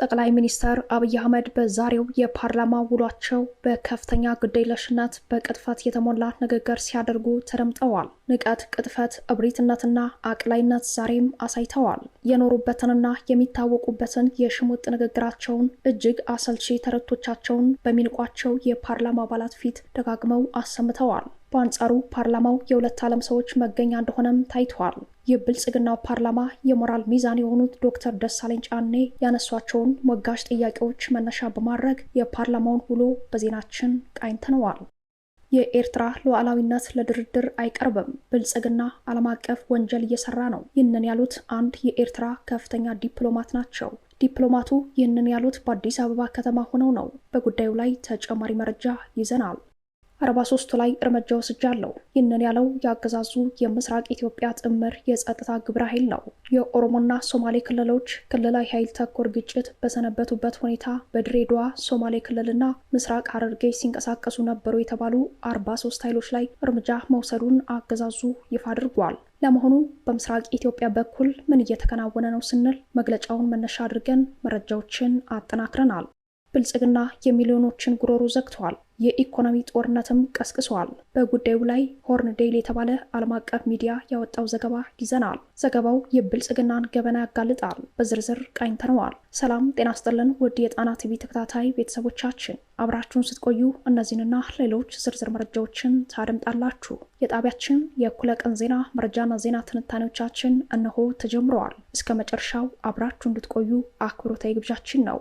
ጠቅላይ ሚኒስትር አብይ አህመድ በዛሬው የፓርላማ ውሏቸው በከፍተኛ ግዴለሽነት በቅጥፈት የተሞላ ንግግር ሲያደርጉ ተደምጠዋል። ንቀት፣ ቅጥፈት፣ እብሪትነትና አቅላይነት ዛሬም አሳይተዋል። የኖሩበትንና የሚታወቁበትን የሽሙጥ ንግግራቸውን እጅግ አሰልቺ ተረቶቻቸውን በሚንቋቸው የፓርላማ አባላት ፊት ደጋግመው አሰምተዋል። በአንጻሩ ፓርላማው የሁለት ዓለም ሰዎች መገኛ እንደሆነም ታይቷል። የብልጽግናው ፓርላማ የሞራል ሚዛን የሆኑት ዶክተር ደሳለኝ ጫኔ ያነሷቸውን ሞጋሽ ጥያቄዎች መነሻ በማድረግ የፓርላማውን ውሎ በዜናችን ቃኝተነዋል። የኤርትራ ሉዓላዊነት ለድርድር አይቀርብም፣ ብልጽግና ዓለም አቀፍ ወንጀል እየሰራ ነው። ይህንን ያሉት አንድ የኤርትራ ከፍተኛ ዲፕሎማት ናቸው። ዲፕሎማቱ ይህንን ያሉት በአዲስ አበባ ከተማ ሆነው ነው። በጉዳዩ ላይ ተጨማሪ መረጃ ይዘናል። 43 ላይ እርምጃ ወስጃለሁ። ይህንን ያለው የአገዛዙ የምስራቅ ኢትዮጵያ ጥምር የጸጥታ ግብረ ኃይል ነው። የኦሮሞና ሶማሌ ክልሎች ክልላዊ ኃይል ተኮር ግጭት በሰነበቱበት ሁኔታ በድሬዳዋ ሶማሌ ክልልና ምስራቅ ሐረርጌ ሲንቀሳቀሱ ነበሩ የተባሉ 43 ኃይሎች ላይ እርምጃ መውሰዱን አገዛዙ ይፋ አድርጓል። ለመሆኑ በምስራቅ ኢትዮጵያ በኩል ምን እየተከናወነ ነው ስንል መግለጫውን መነሻ አድርገን መረጃዎችን አጠናክረናል። ብልጽግና የሚሊዮኖችን ጉሮሮ ዘግተዋል፣ የኢኮኖሚ ጦርነትም ቀስቅሰዋል። በጉዳዩ ላይ ሆርን ዴይል የተባለ ዓለም አቀፍ ሚዲያ ያወጣው ዘገባ ይዘናል። ዘገባው የብልጽግናን ገበና ያጋልጣል፣ በዝርዝር ቃኝተነዋል። ሰላም ጤና ስጥልን ውድ የጣና ቲቪ ተከታታይ ቤተሰቦቻችን አብራችሁን ስትቆዩ እነዚህንና ሌሎች ዝርዝር መረጃዎችን ታደምጣላችሁ። የጣቢያችን የእኩለ ቀን ዜና መረጃና ዜና ትንታኔዎቻችን እነሆ ተጀምረዋል። እስከ መጨረሻው አብራችሁ እንድትቆዩ አክብሮታዊ ግብዣችን ነው።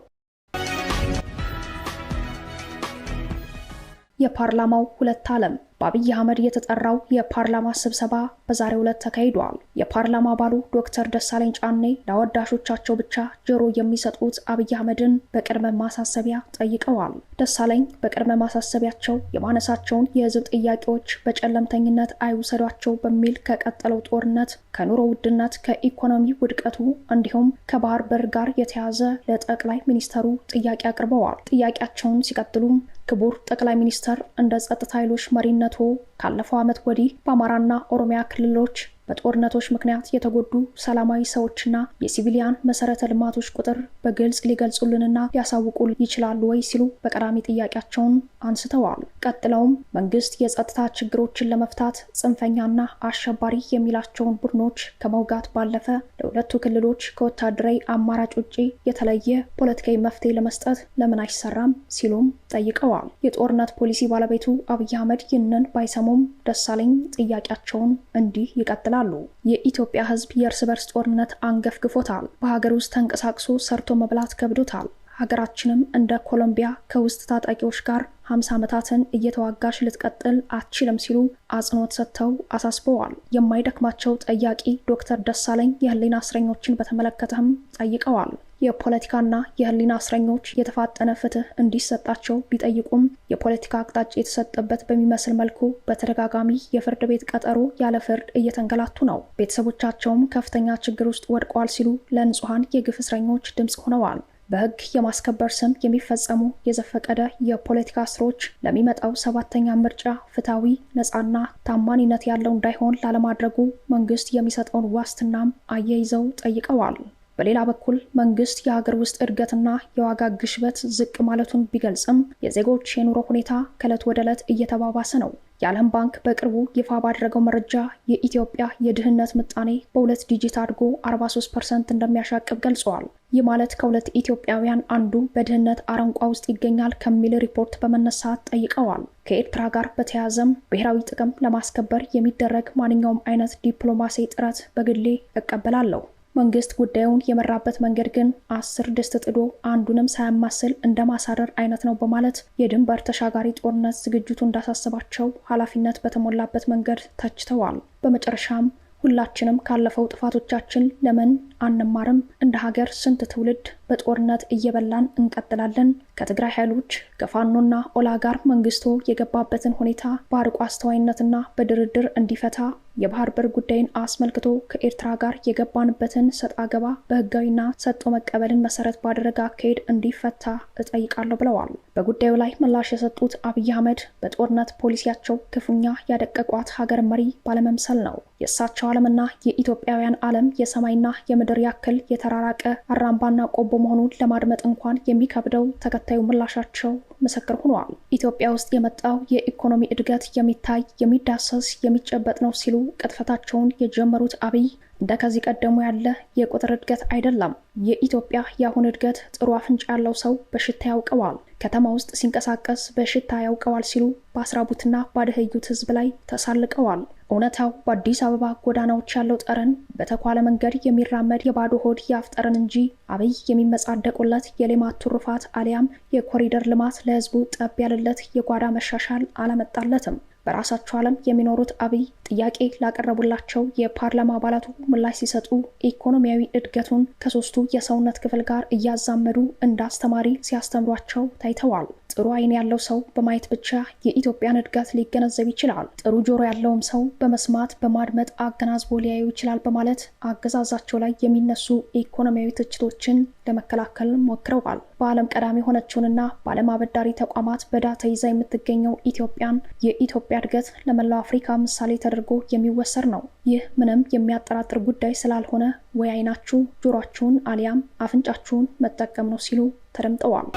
የፓርላማው ሁለት ዓለም በአብይ አህመድ የተጠራው የፓርላማ ስብሰባ በዛሬው ዕለት ተካሂደዋል። የፓርላማ አባሉ ዶክተር ደሳለኝ ጫኔ ለወዳሾቻቸው ብቻ ጆሮ የሚሰጡት አብይ አህመድን በቅድመ ማሳሰቢያ ጠይቀዋል። ደሳለኝ በቅድመ ማሳሰቢያቸው የማነሳቸውን የህዝብ ጥያቄዎች በጨለምተኝነት አይውሰዷቸው በሚል ከቀጠለው ጦርነት፣ ከኑሮ ውድነት፣ ከኢኮኖሚ ውድቀቱ እንዲሁም ከባህር በር ጋር የተያያዘ ለጠቅላይ ሚኒስተሩ ጥያቄ አቅርበዋል። ጥያቄያቸውን ሲቀጥሉም ክቡር ጠቅላይ ሚኒስተር እንደ ጸጥታ ኃይሎች መሪነቱ ካለፈው ዓመት ወዲህ በአማራና ኦሮሚያ ክልሎች በጦርነቶች ምክንያት የተጎዱ ሰላማዊ ሰዎችና የሲቪሊያን መሰረተ ልማቶች ቁጥር በግልጽ ሊገልጹልንና ሊያሳውቁ ይችላሉ ወይ ሲሉ በቀዳሚ ጥያቄያቸውን አንስተዋል። ቀጥለውም መንግስት የጸጥታ ችግሮችን ለመፍታት ጽንፈኛና አሸባሪ የሚላቸውን ቡድኖች ከመውጋት ባለፈ ለሁለቱ ክልሎች ከወታደራዊ አማራጭ ውጪ የተለየ ፖለቲካዊ መፍትሄ ለመስጠት ለምን አይሰራም ሲሉም ጠይቀዋል። የጦርነት ፖሊሲ ባለቤቱ አብይ አህመድ ይህንን ባይሰሙ ደግሞም ደሳለኝ ጥያቄያቸውን እንዲህ ይቀጥላሉ። የኢትዮጵያ ሕዝብ የእርስ በርስ ጦርነት አንገፍግፎታል። በሀገር ውስጥ ተንቀሳቅሶ ሰርቶ መብላት ከብዶታል። ሀገራችንም እንደ ኮሎምቢያ ከውስጥ ታጣቂዎች ጋር 50 ዓመታትን እየተዋጋች ልትቀጥል አትችልም ሲሉ አጽንኦት ሰጥተው አሳስበዋል። የማይደክማቸው ጠያቂ ዶክተር ደሳለኝ የህሊና እስረኞችን በተመለከተም ጠይቀዋል። የፖለቲካና የህሊና እስረኞች የተፋጠነ ፍትህ እንዲሰጣቸው ቢጠይቁም የፖለቲካ አቅጣጫ የተሰጠበት በሚመስል መልኩ በተደጋጋሚ የፍርድ ቤት ቀጠሮ ያለ ፍርድ እየተንገላቱ ነው። ቤተሰቦቻቸውም ከፍተኛ ችግር ውስጥ ወድቀዋል ሲሉ ለንጹሐን የግፍ እስረኞች ድምፅ ሆነዋል። በህግ የማስከበር ስም የሚፈጸሙ የዘፈቀደ የፖለቲካ እስሮች ለሚመጣው ሰባተኛ ምርጫ ፍትሐዊ ነፃና ታማኒነት ያለው እንዳይሆን ላለማድረጉ መንግስት የሚሰጠውን ዋስትናም አያይዘው ጠይቀዋል። በሌላ በኩል መንግስት የሀገር ውስጥ እድገትና የዋጋ ግሽበት ዝቅ ማለቱን ቢገልጽም የዜጎች የኑሮ ሁኔታ ከእለት ወደ ዕለት እየተባባሰ ነው። የዓለም ባንክ በቅርቡ ይፋ ባደረገው መረጃ የኢትዮጵያ የድህነት ምጣኔ በሁለት ዲጂት አድጎ 43 ፐርሰንት እንደሚያሻቅብ ገልጸዋል። ይህ ማለት ከሁለት ኢትዮጵያውያን አንዱ በድህነት አረንቋ ውስጥ ይገኛል ከሚል ሪፖርት በመነሳት ጠይቀዋል። ከኤርትራ ጋር በተያያዘም ብሔራዊ ጥቅም ለማስከበር የሚደረግ ማንኛውም አይነት ዲፕሎማሲ ጥረት በግሌ እቀበላለሁ መንግስት ጉዳዩን የመራበት መንገድ ግን አስር ድስት ጥዶ አንዱንም ሳያማስል እንደ ማሳረር አይነት ነው በማለት የድንበር ተሻጋሪ ጦርነት ዝግጅቱ እንዳሳስባቸው ኃላፊነት በተሞላበት መንገድ ተችተዋል። በመጨረሻም ሁላችንም ካለፈው ጥፋቶቻችን ለምን አንማርም? እንደ ሀገር ስንት ትውልድ በጦርነት እየበላን እንቀጥላለን? ከትግራይ ኃይሎች ከፋኖና ኦላ ጋር መንግስቱ የገባበትን ሁኔታ በአርቆ አስተዋይነትና በድርድር እንዲፈታ የባህር በር ጉዳይን አስመልክቶ ከኤርትራ ጋር የገባንበትን ሰጥ አገባ በህጋዊና ሰጥቶ መቀበልን መሰረት ባደረገ አካሄድ እንዲፈታ እጠይቃለሁ ብለዋል። በጉዳዩ ላይ ምላሽ የሰጡት አብይ አህመድ በጦርነት ፖሊሲያቸው ክፉኛ ያደቀቋት ሀገር መሪ ባለመምሰል ነው። የእሳቸው ዓለምና የኢትዮጵያውያን ዓለም የሰማይና የምድር ያክል የተራራቀ አራምባና ቆቦ መሆኑን ለማድመጥ እንኳን የሚከብደው ተከታዩ ምላሻቸው ምስክር ሆኗል። ኢትዮጵያ ውስጥ የመጣው የኢኮኖሚ እድገት የሚታይ የሚዳሰስ የሚጨበጥ ነው ሲሉ ቅጥፈታቸውን የጀመሩት አብይ እንደ ከዚህ ቀደሙ ያለ የቁጥር እድገት አይደለም። የኢትዮጵያ የአሁን እድገት ጥሩ አፍንጫ ያለው ሰው በሽታ ያውቀዋል። ከተማ ውስጥ ሲንቀሳቀስ በሽታ ያውቀዋል ሲሉ በአስራቡትና ባደህዩት ህዝብ ላይ ተሳልቀዋል። እውነታው በአዲስ አበባ ጎዳናዎች ያለው ጠረን በተኳለ መንገድ የሚራመድ የባዶ ሆድ የአፍ ጠረን እንጂ አብይ የሚመጻደቁለት የሌማት ትሩፋት አሊያም የኮሪደር ልማት ለህዝቡ ጠብ ያለለት የጓዳ መሻሻል አላመጣለትም። በራሳቸው ዓለም የሚኖሩት አብይ ጥያቄ ላቀረቡላቸው የፓርላማ አባላቱ ምላሽ ሲሰጡ ኢኮኖሚያዊ እድገቱን ከሶስቱ የሰውነት ክፍል ጋር እያዛመዱ እንደ አስተማሪ ሲያስተምሯቸው ታይተዋል። ጥሩ ዓይን ያለው ሰው በማየት ብቻ የኢትዮጵያን እድገት ሊገነዘብ ይችላል። ጥሩ ጆሮ ያለውም ሰው በመስማት በማድመጥ አገናዝቦ ሊያዩ ይችላል በማለት አገዛዛቸው ላይ የሚነሱ ኢኮኖሚያዊ ትችቶችን ለመከላከል ሞክረዋል። በዓለም ቀዳሚ የሆነችውንና በዓለም አበዳሪ ተቋማት በዳታ ተይዛ የምትገኘው ኢትዮጵያን የኢትዮጵያ እድገት ለመላው አፍሪካ ምሳሌ ተደርጎ የሚወሰድ ነው። ይህ ምንም የሚያጠራጥር ጉዳይ ስላልሆነ ወይ አይናችሁ፣ ጆሯችሁን አሊያም አፍንጫችሁን መጠቀም ነው ሲሉ ተደምጠዋል።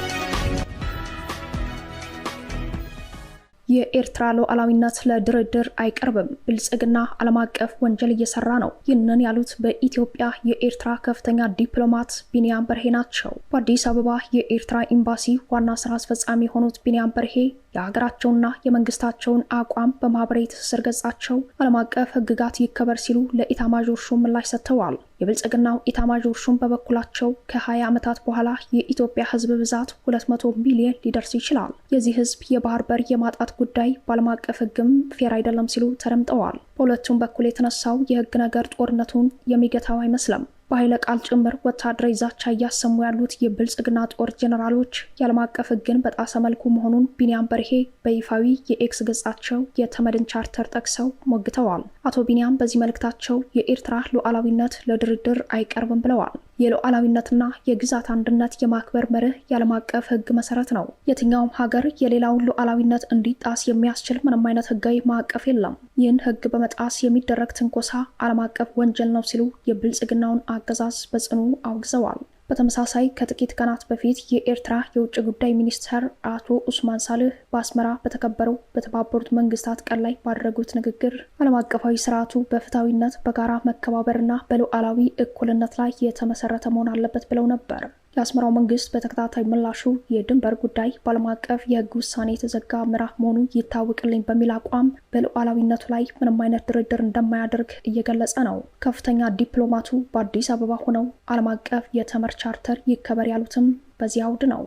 የኤርትራ ሉዓላዊነት ለድርድር አይቀርብም፣ ብልጽግና ዓለም አቀፍ ወንጀል እየሰራ ነው። ይህንን ያሉት በኢትዮጵያ የኤርትራ ከፍተኛ ዲፕሎማት ቢንያም በርሄ ናቸው። በአዲስ አበባ የኤርትራ ኤምባሲ ዋና ስራ አስፈጻሚ የሆኑት ቢንያም በርሄ የሀገራቸውና የመንግስታቸውን አቋም በማህበራዊ ትስስር ገጻቸው ዓለም አቀፍ ህግጋት ይከበር ሲሉ ለኢታማዦር ሹም ምላሽ ሰጥተዋል። የብልጽግናው ኢታማዦር ሹም በበኩላቸው ከ20 ዓመታት በኋላ የኢትዮጵያ ህዝብ ብዛት 200 ሚሊዮን ሊደርስ ይችላል። የዚህ ህዝብ የባህር በር የማጣት ጉዳይ በዓለም አቀፍ ህግም ፌር አይደለም ሲሉ ተደምጠዋል። በሁለቱም በኩል የተነሳው የህግ ነገር ጦርነቱን የሚገታው አይመስልም። በኃይለ ቃል ጭምር ወታደራዊ ዛቻ እያሰሙ ያሉት የብልጽግና ጦር ጄኔራሎች የዓለም አቀፍ ሕግን በጣሰ መልኩ መሆኑን ቢኒያም በርሄ በይፋዊ የኤክስ ገጻቸው የተመድን ቻርተር ጠቅሰው ሞግተዋል። አቶ ቢኒያም በዚህ መልእክታቸው የኤርትራ ሉዓላዊነት ለድርድር አይቀርብም ብለዋል። የሉዓላዊነትና የግዛት አንድነት የማክበር መርህ የዓለም አቀፍ ሕግ መሰረት ነው። የትኛውም ሀገር የሌላውን ሉዓላዊነት እንዲጣስ የሚያስችል ምንም አይነት ሕጋዊ ማዕቀፍ የለም። ይህን ህግ በመጣስ የሚደረግ ትንኮሳ ዓለም አቀፍ ወንጀል ነው ሲሉ የብልጽግናውን አገዛዝ በጽኑ አውግዘዋል። በተመሳሳይ ከጥቂት ቀናት በፊት የኤርትራ የውጭ ጉዳይ ሚኒስተር አቶ ኡስማን ሳልህ በአስመራ በተከበረው በተባበሩት መንግስታት ቀን ላይ ባደረጉት ንግግር ዓለም አቀፋዊ ስርዓቱ በፍትሐዊነት በጋራ መከባበርና በሉዓላዊ እኩልነት ላይ የተመሰረተ መሆን አለበት ብለው ነበር። የአስመራው መንግስት በተከታታይ ምላሹ የድንበር ጉዳይ በዓለም አቀፍ የህግ ውሳኔ የተዘጋ ምዕራፍ መሆኑ ይታወቅልኝ በሚል አቋም በሉዓላዊነቱ ላይ ምንም አይነት ድርድር እንደማያደርግ እየገለጸ ነው። ከፍተኛ ዲፕሎማቱ በአዲስ አበባ ሆነው ዓለም አቀፍ የተመድ ቻርተር ይከበር ያሉትም በዚህ አውድ ነው።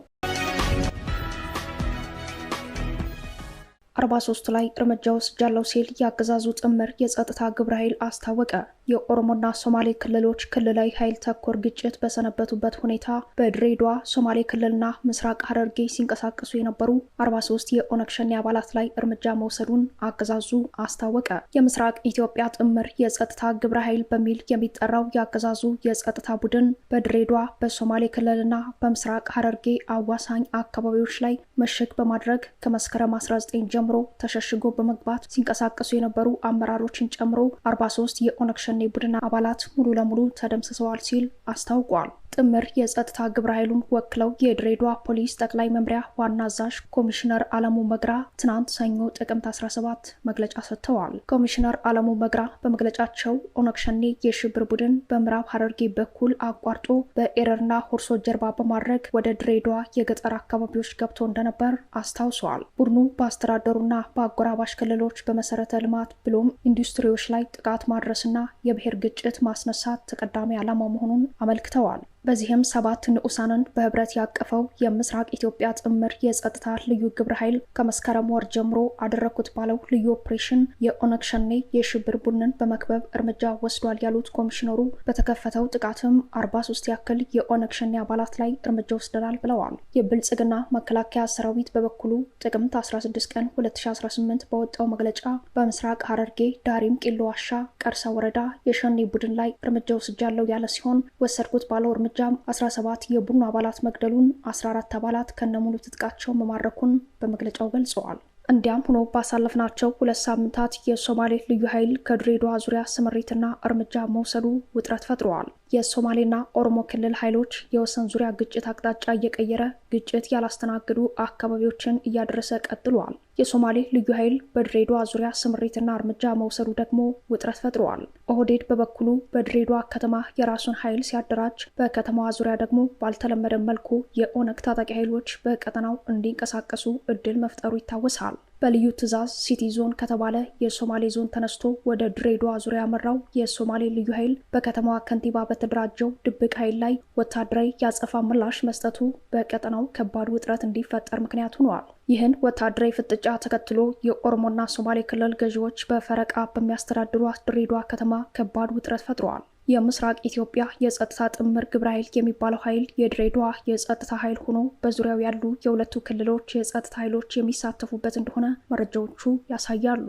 43 ላይ እርምጃ ወስጃለሁ ሲል የአገዛዙ ጥምር የጸጥታ ግብረ ኃይል አስታወቀ። የኦሮሞና ሶማሌ ክልሎች ክልላዊ ኃይል ተኮር ግጭት በሰነበቱበት ሁኔታ በድሬዷ ሶማሌ ክልልና ምስራቅ ሐረርጌ ሲንቀሳቀሱ የነበሩ 43 የኦነግ ሸኔ አባላት ላይ እርምጃ መውሰዱን አገዛዙ አስታወቀ። የምስራቅ ኢትዮጵያ ጥምር የጸጥታ ግብረ ኃይል በሚል የሚጠራው የአገዛዙ የጸጥታ ቡድን በድሬዷ በሶማሌ ክልልና በምስራቅ ሐረርጌ አዋሳኝ አካባቢዎች ላይ ምሽግ በማድረግ ከመስከረም 19 ጀምሮ ጨምሮ ተሸሽጎ በመግባት ሲንቀሳቀሱ የነበሩ አመራሮችን ጨምሮ 43 የኦነግ ሸኔ ቡድን አባላት ሙሉ ለሙሉ ተደምስሰዋል ሲል አስታውቋል። ጥምር የጸጥታ ግብረ ኃይሉን ወክለው የድሬዳዋ ፖሊስ ጠቅላይ መምሪያ ዋና አዛዥ ኮሚሽነር አለሙ መግራ ትናንት ሰኞ ጥቅምት 17 መግለጫ ሰጥተዋል። ኮሚሽነር አለሙ መግራ በመግለጫቸው ኦነግ ሸኔ የሽብር ቡድን በምዕራብ ሐረርጌ በኩል አቋርጦ በኤረርና ሆርሶ ጀርባ በማድረግ ወደ ድሬዳዋ የገጠር አካባቢዎች ገብቶ እንደነበር አስታውሰዋል። ቡድኑ በአስተዳደሩ በነበሩና በአጎራባሽ ክልሎች በመሰረተ ልማት ብሎም ኢንዱስትሪዎች ላይ ጥቃት ማድረስና የብሔር ግጭት ማስነሳት ተቀዳሚ ዓላማ መሆኑን አመልክተዋል። በዚህም ሰባት ንዑሳንን በህብረት ያቀፈው የምስራቅ ኢትዮጵያ ጥምር የጸጥታ ልዩ ግብረ ኃይል ከመስከረም ወር ጀምሮ አደረግኩት ባለው ልዩ ኦፕሬሽን የኦነግ ሸኔ የሽብር ቡድንን በመክበብ እርምጃ ወስዷል ያሉት ኮሚሽነሩ በተከፈተው ጥቃትም አርባ ሶስት ያክል የኦነግ ሸኔ አባላት ላይ እርምጃ ወስደናል ብለዋል። የብልጽግና መከላከያ ሰራዊት በበኩሉ ጥቅምት 16 ቀን 2018 በወጣው መግለጫ በምስራቅ ሐረርጌ ዳሪም ቂሎ ዋሻ ቀርሳ ወረዳ የሸኔ ቡድን ላይ እርምጃ ወስጃለው ያለ ሲሆን ወሰድኩት ባለው እርምጃ እርምጃም 17 የቡድኑ አባላት መግደሉን፣ 14 አባላት ከነሙሉ ትጥቃቸው መማረኩን በመግለጫው ገልጸዋል። እንዲያም ሆኖ ባሳለፍናቸው ሁለት ሳምንታት የሶማሌ ልዩ ኃይል ከድሬዳዋ ዙሪያ ስምሪትና እርምጃ መውሰዱ ውጥረት ፈጥረዋል። የሶማሌና ኦሮሞ ክልል ኃይሎች የወሰን ዙሪያ ግጭት አቅጣጫ እየቀየረ ግጭት ያላስተናገዱ አካባቢዎችን እያደረሰ ቀጥሏል። የሶማሌ ልዩ ኃይል በድሬዷ ዙሪያ ስምሪትና እርምጃ መውሰዱ ደግሞ ውጥረት ፈጥረዋል። ኦህዴድ በበኩሉ በድሬዷ ከተማ የራሱን ኃይል ሲያደራጅ፣ በከተማዋ ዙሪያ ደግሞ ባልተለመደ መልኩ የኦነግ ታጣቂ ኃይሎች በቀጠናው እንዲንቀሳቀሱ እድል መፍጠሩ ይታወሳል። በልዩ ትዕዛዝ ሲቲ ዞን ከተባለ የሶማሌ ዞን ተነስቶ ወደ ድሬዳዋ ዙሪያ ያመራው የሶማሌ ልዩ ኃይል በከተማዋ ከንቲባ በተደራጀው ድብቅ ኃይል ላይ ወታደራዊ ያጸፋ ምላሽ መስጠቱ በቀጠናው ከባድ ውጥረት እንዲፈጠር ምክንያት ሆኗል። ይህን ወታደራዊ ፍጥጫ ተከትሎ የኦሮሞና ሶማሌ ክልል ገዢዎች በፈረቃ በሚያስተዳድሯት ድሬዳዋ ከተማ ከባድ ውጥረት ፈጥረዋል። የምስራቅ ኢትዮጵያ የጸጥታ ጥምር ግብረ ኃይል የሚባለው ኃይል የድሬዳዋ የጸጥታ ኃይል ሆኖ በዙሪያው ያሉ የሁለቱ ክልሎች የጸጥታ ኃይሎች የሚሳተፉበት እንደሆነ መረጃዎቹ ያሳያሉ።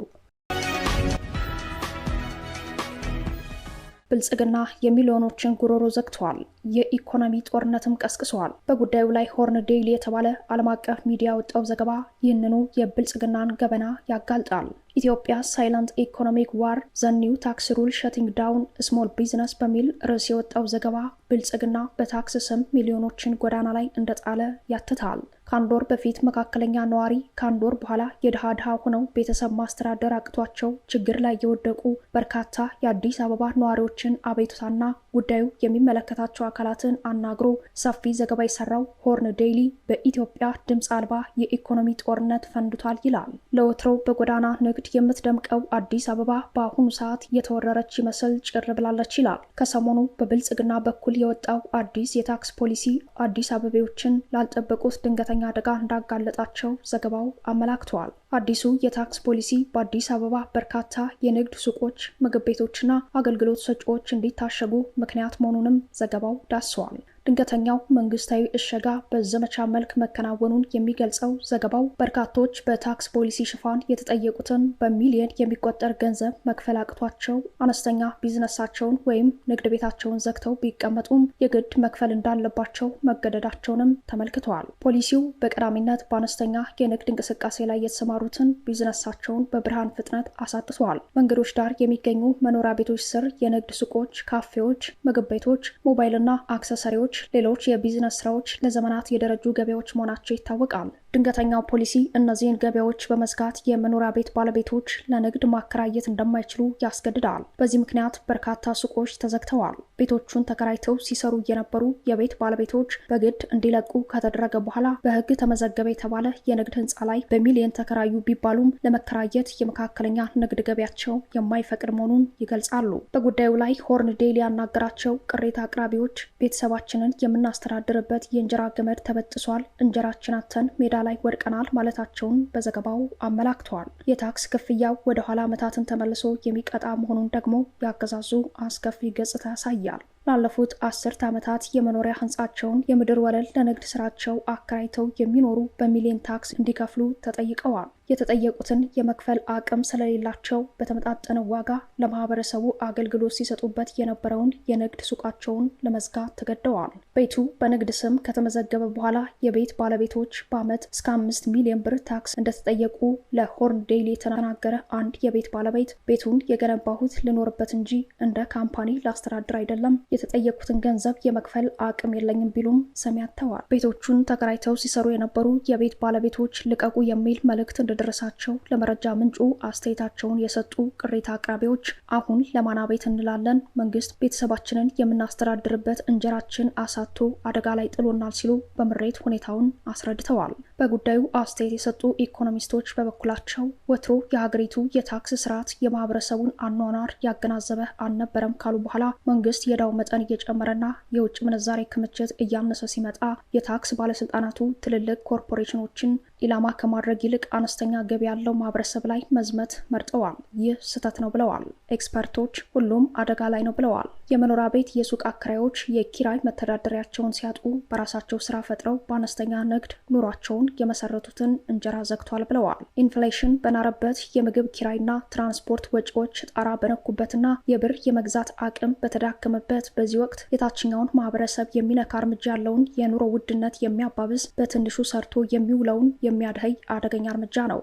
ብልጽግና የሚሊዮኖችን ጉሮሮ ዘግተዋል። የኢኮኖሚ ጦርነትም ቀስቅሰዋል። በጉዳዩ ላይ ሆርን ዴይሊ የተባለ ዓለም አቀፍ ሚዲያ ወጣው ዘገባ ይህንኑ የብልጽግናን ገበና ያጋልጣል። ኢትዮጵያ ሳይለንት ኢኮኖሚክ ዋር ዘኒው ታክስ ሩል ሸቲንግ ዳውን ስሞል ቢዝነስ በሚል ርዕስ የወጣው ዘገባ ብልጽግና በታክስ ስም ሚሊዮኖችን ጎዳና ላይ እንደጣለ ያትታል። ከአንድ ወር በፊት መካከለኛ ነዋሪ ከአንድ ወር በኋላ የድሃ ድሃ ሆነው ቤተሰብ ማስተዳደር አቅቷቸው ችግር ላይ የወደቁ በርካታ የአዲስ አበባ ነዋሪዎችን አቤቱታና ጉዳዩ የሚመለከታቸው አካላትን አናግሮ ሰፊ ዘገባ የሰራው ሆርን ዴይሊ በኢትዮጵያ ድምፅ አልባ የኢኮኖሚ ጦርነት ፈንድቷል ይላል። ለወትሮው በጎዳና ንግድ የምትደምቀው አዲስ አበባ በአሁኑ ሰዓት የተወረረች ይመስል ጭር ብላለች ይላል ከሰሞኑ በብልጽግና በኩል የወጣው አዲስ የታክስ ፖሊሲ አዲስ አበቤዎችን ላልጠበቁት ድንገተኛ አደጋ እንዳጋለጣቸው ዘገባው አመላክተዋል። አዲሱ የታክስ ፖሊሲ በአዲስ አበባ በርካታ የንግድ ሱቆች፣ ምግብ ቤቶችና አገልግሎት ሰጪዎች እንዲታሸጉ ምክንያት መሆኑንም ዘገባው ዳስሰዋል። ድንገተኛው መንግስታዊ እሸጋ በዘመቻ መልክ መከናወኑን የሚገልጸው ዘገባው በርካቶች በታክስ ፖሊሲ ሽፋን የተጠየቁትን በሚሊየን የሚቆጠር ገንዘብ መክፈል አቅቷቸው አነስተኛ ቢዝነሳቸውን ወይም ንግድ ቤታቸውን ዘግተው ቢቀመጡም የግድ መክፈል እንዳለባቸው መገደዳቸውንም ተመልክተዋል። ፖሊሲው በቀዳሚነት በአነስተኛ የንግድ እንቅስቃሴ ላይ የተሰማሩትን ቢዝነሳቸውን በብርሃን ፍጥነት አሳጥተዋል። መንገዶች ዳር የሚገኙ መኖሪያ ቤቶች ስር የንግድ ሱቆች፣ ካፌዎች፣ ምግብ ቤቶች፣ ሞባይልና አክሰሰሪዎች ሌሎች የቢዝነስ ስራዎች ለዘመናት የደረጁ ገበያዎች መሆናቸው ይታወቃል። ድንገተኛው ፖሊሲ እነዚህን ገበያዎች በመዝጋት የመኖሪያ ቤት ባለቤቶች ለንግድ ማከራየት እንደማይችሉ ያስገድዳል። በዚህ ምክንያት በርካታ ሱቆች ተዘግተዋል። ቤቶቹን ተከራይተው ሲሰሩ የነበሩ የቤት ባለቤቶች በግድ እንዲለቁ ከተደረገ በኋላ በሕግ ተመዘገበ የተባለ የንግድ ህንፃ ላይ በሚሊየን ተከራዩ ቢባሉም ለመከራየት የመካከለኛ ንግድ ገቢያቸው የማይፈቅድ መሆኑን ይገልጻሉ። በጉዳዩ ላይ ሆርን ዴይሊ ያናገራቸው ቅሬታ አቅራቢዎች ቤተሰባችንን የምናስተዳድርበት የእንጀራ ገመድ ተበጥሷል፣ እንጀራችን አተን ሜዳ ላይ ወድቀናል ማለታቸውን በዘገባው አመላክተዋል። የታክስ ክፍያው ወደ ኋላ ዓመታትን ተመልሶ የሚቀጣ መሆኑን ደግሞ ያገዛዙ አስከፊ ገጽታ ያሳያል። ላለፉት አስርት ዓመታት የመኖሪያ ህንፃቸውን የምድር ወለል ለንግድ ስራቸው አከራይተው የሚኖሩ በሚሊዮን ታክስ እንዲከፍሉ ተጠይቀዋል። የተጠየቁትን የመክፈል አቅም ስለሌላቸው በተመጣጠነ ዋጋ ለማህበረሰቡ አገልግሎት ሲሰጡበት የነበረውን የንግድ ሱቃቸውን ለመዝጋት ተገደዋል። ቤቱ በንግድ ስም ከተመዘገበ በኋላ የቤት ባለቤቶች በዓመት እስከ አምስት ሚሊዮን ብር ታክስ እንደተጠየቁ ለሆርን ዴይሊ የተናገረ አንድ የቤት ባለቤት ቤቱን የገነባሁት ልኖርበት እንጂ እንደ ካምፓኒ ላስተዳድር አይደለም የተጠየቁትን ገንዘብ የመክፈል አቅም የለኝም ቢሉም ሰሚ አጥተዋል። ቤቶቹን ተከራይተው ሲሰሩ የነበሩ የቤት ባለቤቶች ልቀቁ የሚል መልእክት እንደደረሳቸው ለመረጃ ምንጩ አስተያየታቸውን የሰጡ ቅሬታ አቅራቢዎች አሁን ለማና ቤት እንላለን፣ መንግስት ቤተሰባችንን የምናስተዳድርበት እንጀራችን አሳቶ አደጋ ላይ ጥሎናል ሲሉ በምሬት ሁኔታውን አስረድተዋል። በጉዳዩ አስተያየት የሰጡ ኢኮኖሚስቶች በበኩላቸው ወትሮ የሀገሪቱ የታክስ ስርዓት የማህበረሰቡን አኗኗር ያገናዘበ አልነበረም ካሉ በኋላ መንግስት የዳው መጠን እየጨመረና የውጭ ምንዛሬ ክምችት እያነሰ ሲመጣ የታክስ ባለስልጣናቱ ትልልቅ ኮርፖሬሽኖችን ኢላማ ከማድረግ ይልቅ አነስተኛ ገቢ ያለው ማህበረሰብ ላይ መዝመት መርጠዋል። ይህ ስህተት ነው ብለዋል ኤክስፐርቶች። ሁሉም አደጋ ላይ ነው ብለዋል። የመኖሪያ ቤት የሱቅ አከራዮች የኪራይ መተዳደሪያቸውን ሲያጡ በራሳቸው ስራ ፈጥረው በአነስተኛ ንግድ ኑሯቸውን የመሰረቱትን እንጀራ ዘግቷል ብለዋል። ኢንፍሌሽን በናረበት የምግብ ኪራይና ትራንስፖርት ወጪዎች ጣራ በነኩበትና የብር የመግዛት አቅም በተዳከመበት በዚህ ወቅት የታችኛውን ማህበረሰብ የሚነካ እርምጃ ያለውን የኑሮ ውድነት የሚያባብስ በትንሹ ሰርቶ የሚውለውን የሚያድህይ አደገኛ እርምጃ ነው።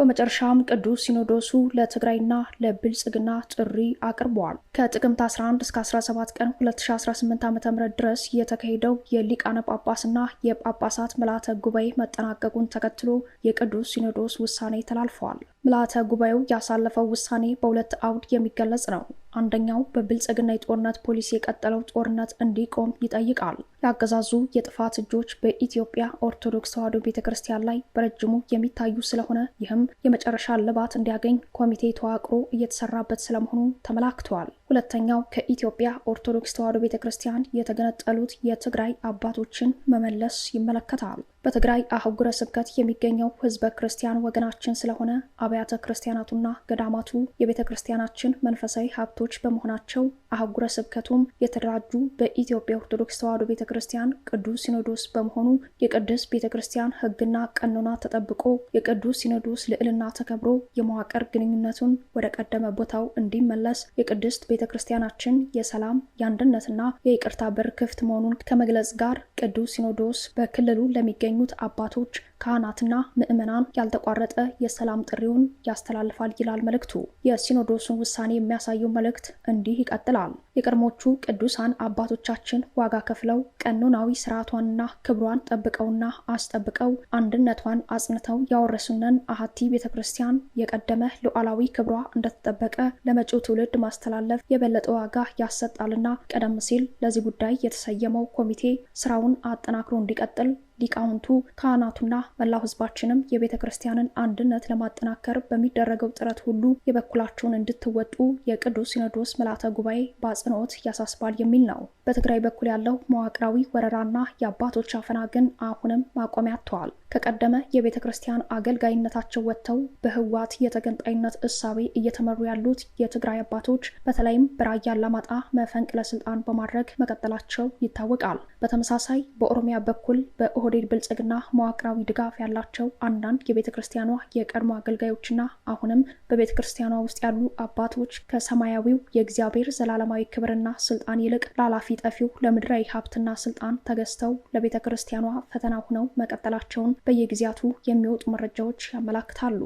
በመጨረሻም ቅዱስ ሲኖዶሱ ለትግራይና ለብልጽግና ጥሪ አቅርበዋል። ከጥቅምት 11 እስከ 17 ቀን 2018 ዓ ም ድረስ የተካሄደው የሊቃነ ጳጳስና የጳጳሳት ምልዓተ ጉባኤ መጠናቀቁን ተከትሎ የቅዱስ ሲኖዶስ ውሳኔ ተላልፈዋል። ምልዓተ ጉባኤው ያሳለፈው ውሳኔ በሁለት አውድ የሚገለጽ ነው። አንደኛው በብልጽግና የጦርነት ፖሊሲ የቀጠለው ጦርነት እንዲቆም ይጠይቃል። የአገዛዙ የጥፋት እጆች በኢትዮጵያ ኦርቶዶክስ ተዋሕዶ ቤተ ክርስቲያን ላይ በረጅሙ የሚታዩ ስለሆነ ይህም የመጨረሻ እልባት እንዲያገኝ ኮሚቴ ተዋቅሮ እየተሰራበት ስለመሆኑ ተመላክተዋል። ሁለተኛው ከኢትዮጵያ ኦርቶዶክስ ተዋሕዶ ቤተ ክርስቲያን የተገነጠሉት የትግራይ አባቶችን መመለስ ይመለከታል። በትግራይ አህጉረ ስብከት የሚገኘው ህዝበ ክርስቲያን ወገናችን ስለሆነ አብያተ ክርስቲያናቱና ገዳማቱ የቤተ ክርስቲያናችን መንፈሳዊ ሀብቶች በመሆናቸው አህጉረ ስብከቱም የተደራጁ በኢትዮጵያ ኦርቶዶክስ ተዋሕዶ ቤተ ክርስቲያን ቅዱስ ሲኖዶስ በመሆኑ የቅዱስ ቤተ ክርስቲያን ህግና ቀኖና ተጠብቆ የቅዱስ ሲኖዶስ ልዕልና ተከብሮ የመዋቅር ግንኙነቱን ወደ ቀደመ ቦታው እንዲመለስ የቅድስት ቤተ ክርስቲያናችን የሰላም የአንድነትና የይቅርታ በር ክፍት መሆኑን ከመግለጽ ጋር ቅዱስ ሲኖዶስ በክልሉ ለሚገኙት አባቶች ካህናትና ምዕመናን ያልተቋረጠ የሰላም ጥሪውን ያስተላልፋል ይላል መልእክቱ። የሲኖዶሱን ውሳኔ የሚያሳየው መልእክት እንዲህ ይቀጥላል። የቀድሞቹ ቅዱሳን አባቶቻችን ዋጋ ከፍለው ቀኖናዊ ስርዓቷንና ክብሯን ጠብቀውና አስጠብቀው አንድነቷን አጽንተው ያወረሱነን አሀቲ ቤተ ክርስቲያን የቀደመ ሉዓላዊ ክብሯ እንደተጠበቀ ለመጪው ትውልድ ማስተላለፍ የበለጠ ዋጋ ያሰጣልና ቀደም ሲል ለዚህ ጉዳይ የተሰየመው ኮሚቴ ስራውን አጠናክሮ እንዲቀጥል ሊቃውንቱ፣ ካህናቱና መላው ሕዝባችንም የቤተ ክርስቲያንን አንድነት ለማጠናከር በሚደረገው ጥረት ሁሉ የበኩላቸውን እንድትወጡ የቅዱስ ሲኖዶስ ምልዓተ ጉባኤ በአጽንኦት ያሳስባል የሚል ነው። በትግራይ በኩል ያለው መዋቅራዊ ወረራና የአባቶች አፈና ግን አሁንም ማቆሚያ አጥተዋል። ከቀደመ የቤተ ክርስቲያን አገልጋይነታቸው ወጥተው በህወሓት የተገንጣይነት እሳቤ እየተመሩ ያሉት የትግራይ አባቶች በተለይም በራያ አላማጣ መፈንቅለ ስልጣን በማድረግ መቀጠላቸው ይታወቃል። በተመሳሳይ በኦሮሚያ በኩል በኦህ የኦህዴድ ብልጽግና መዋቅራዊ ድጋፍ ያላቸው አንዳንድ የቤተ ክርስቲያኗ የቀድሞ አገልጋዮችና አሁንም በቤተ ክርስቲያኗ ውስጥ ያሉ አባቶች ከሰማያዊው የእግዚአብሔር ዘላለማዊ ክብርና ስልጣን ይልቅ ላላፊ ጠፊው ለምድራዊ ሀብትና ስልጣን ተገዝተው ለቤተ ክርስቲያኗ ፈተና ሆነው መቀጠላቸውን በየጊዜያቱ የሚወጡ መረጃዎች ያመላክታሉ።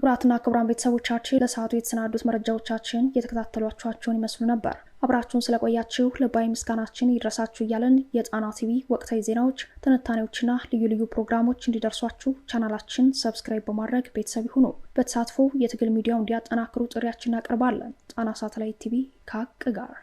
ክቡራትና ክቡራን ቤተሰቦቻችን ለሰዓቱ የተሰናዱት መረጃዎቻችን እየተከታተሏችኋቸውን ይመስሉ ነበር። አብራችሁን ስለቆያችሁ ልባዊ ምስጋናችን ይድረሳችሁ እያለን የጣና ቲቪ ወቅታዊ ዜናዎች፣ ትንታኔዎችና ልዩ ልዩ ፕሮግራሞች እንዲደርሷችሁ ቻናላችን ሰብስክራይብ በማድረግ ቤተሰብ ይሁኑ። በተሳትፎ የትግል ሚዲያው እንዲያጠናክሩ ጥሪያችን እናቀርባለን። ጣና ሳተላይት ቲቪ ከሀቅ ጋር